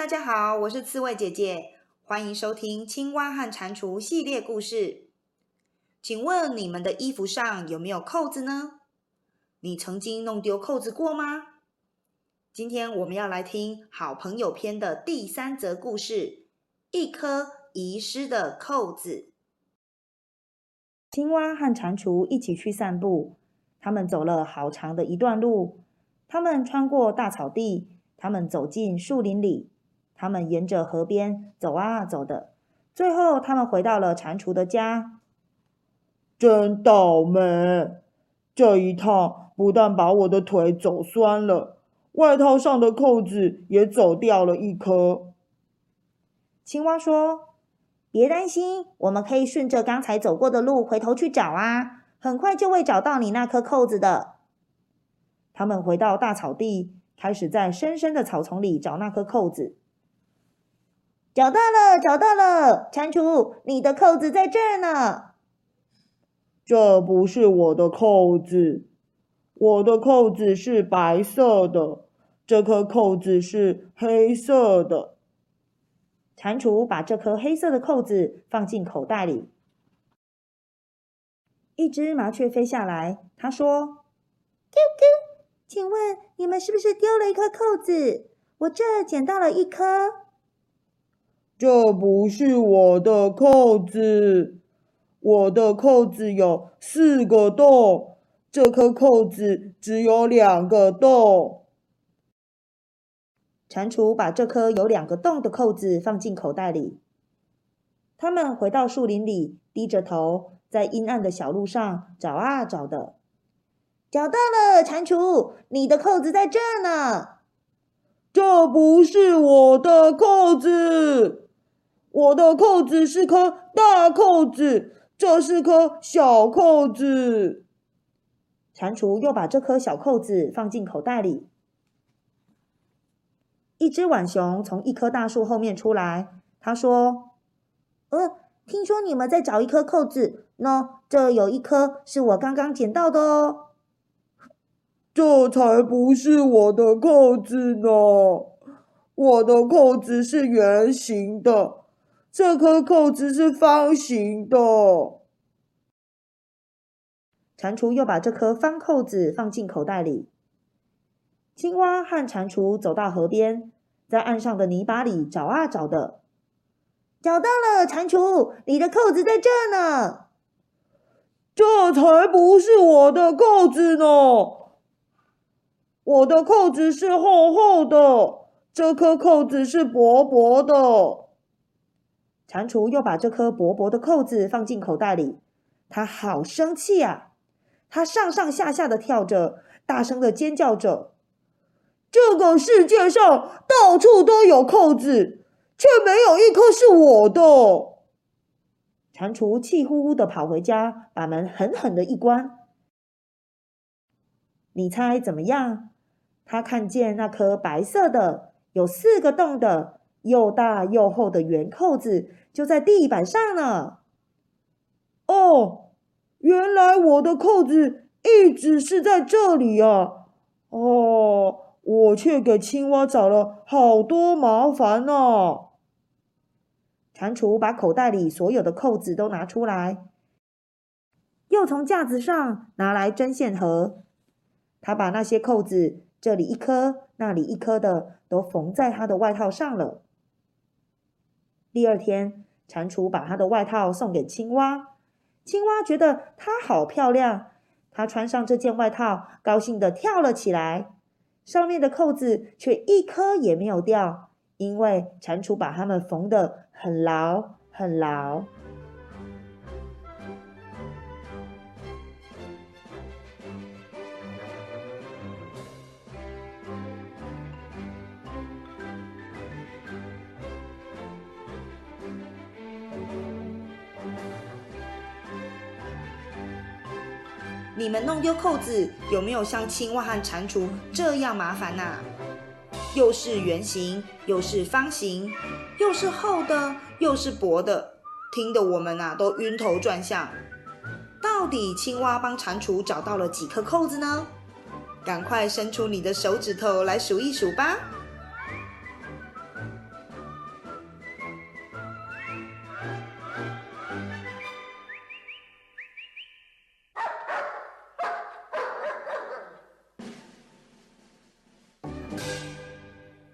大家好，我是刺蝟姐姐，歡迎收聽《青蛙和蟾蜍》系列故事。請問你們的衣服上有沒有扣子呢？你曾經弄丟扣子過嗎？今天我們要來聽《好朋友篇》的第三則故事——一顆遺失的扣子。青蛙和蟾蜍一起去散步，他們走了好長的一段路，他們穿過大草地，他們走進樹林裡。他們沿着河邊走啊走的，最後他們回到了蟾蜍的家。真倒霉，這一趟不但把我的腿走酸了，外套上的扣子也走掉了一顆。青蛙說：“別擔心，我們可以順着剛才走過的路回頭去找啊，很快就會找到你那顆扣子的。”他們回到大草地，開始在深深的草叢裡找那顆扣子。找到了，找到了！蟾蜍，你的扣子在這兒呢。這不是我的扣子，我的扣子是白色的，這顆扣子是黑色的。蟾蜍把這顆黑色的扣子放進口袋裡。一只麻雀飛下來，他說：“啾啾、呃呃，請問你們是不是丟了一顆扣子？我這撿到了一顆。”這不是我的扣子，我的扣子有四個洞，這顆扣子只有兩個洞。蟾蜍把這顆有兩個洞的扣子放進口袋裡。他們回到樹林裡，低着頭，在陰暗的小路上找啊找的，找到了，蟾蜍，你的扣子在這呢。這不是我的扣子。我的扣子是顆大扣子，這是顆小扣子。蟾蜍又把這顆小扣子放進口袋裡。一隻浣熊從一棵大樹後面出來，他說：“嗯、呃，聽說你們在找一顆扣子呢？這有一顆是我剛剛撿到的哦。”這才不是我的扣子呢！我的扣子是圓形的。這顆扣子是方形的。蟾蜍又把這顆方扣子放進口袋裡。青蛙和蟾蜍走到河邊，在岸上的泥巴裡找啊找的，找到了！蟾蜍，你的扣子在這呢。這才不是我的扣子呢。我的扣子是厚厚的，這顆扣子是薄薄的。蟾蜍又把這顆薄薄的扣子放進口袋裡，他好生氣呀、啊！他上上下下的跳着大聲的尖叫着：“這個世界上到處都有扣子，卻沒有一顆是我的。”蟾蜍氣呼呼的跑回家，把門狠狠的一關。你猜怎麼樣？他看見那顆白色的，有四個洞的，又大又厚的圓扣子就在地板上呢。「哦，原來我的扣子一直是在這裡啊！哦，我卻給青蛙找了好多麻煩呢、啊。蟾蜍把口袋裡所有的扣子都拿出來，又從架子上拿來針線盒，他把那些扣子這裡一顆、那裡一顆的都縫在他的外套上了。第二天，蟾蜍把他的外套送給青蛙。青蛙覺得它好漂亮，他穿上這件外套，高興地跳了起來。上面的扣子卻一顆也沒有掉，因為蟾蜍把它們縫得很牢，很牢。你們弄丟扣子，有沒有像青蛙和蟾蜍這樣麻煩吶、啊？又是圓形，又是方形，又是厚的，又是薄的，聽得我們啊都暈頭轉向。到底青蛙幫蟾蜍找到了幾顆扣子呢？趕快伸出你的手指頭來數一數吧。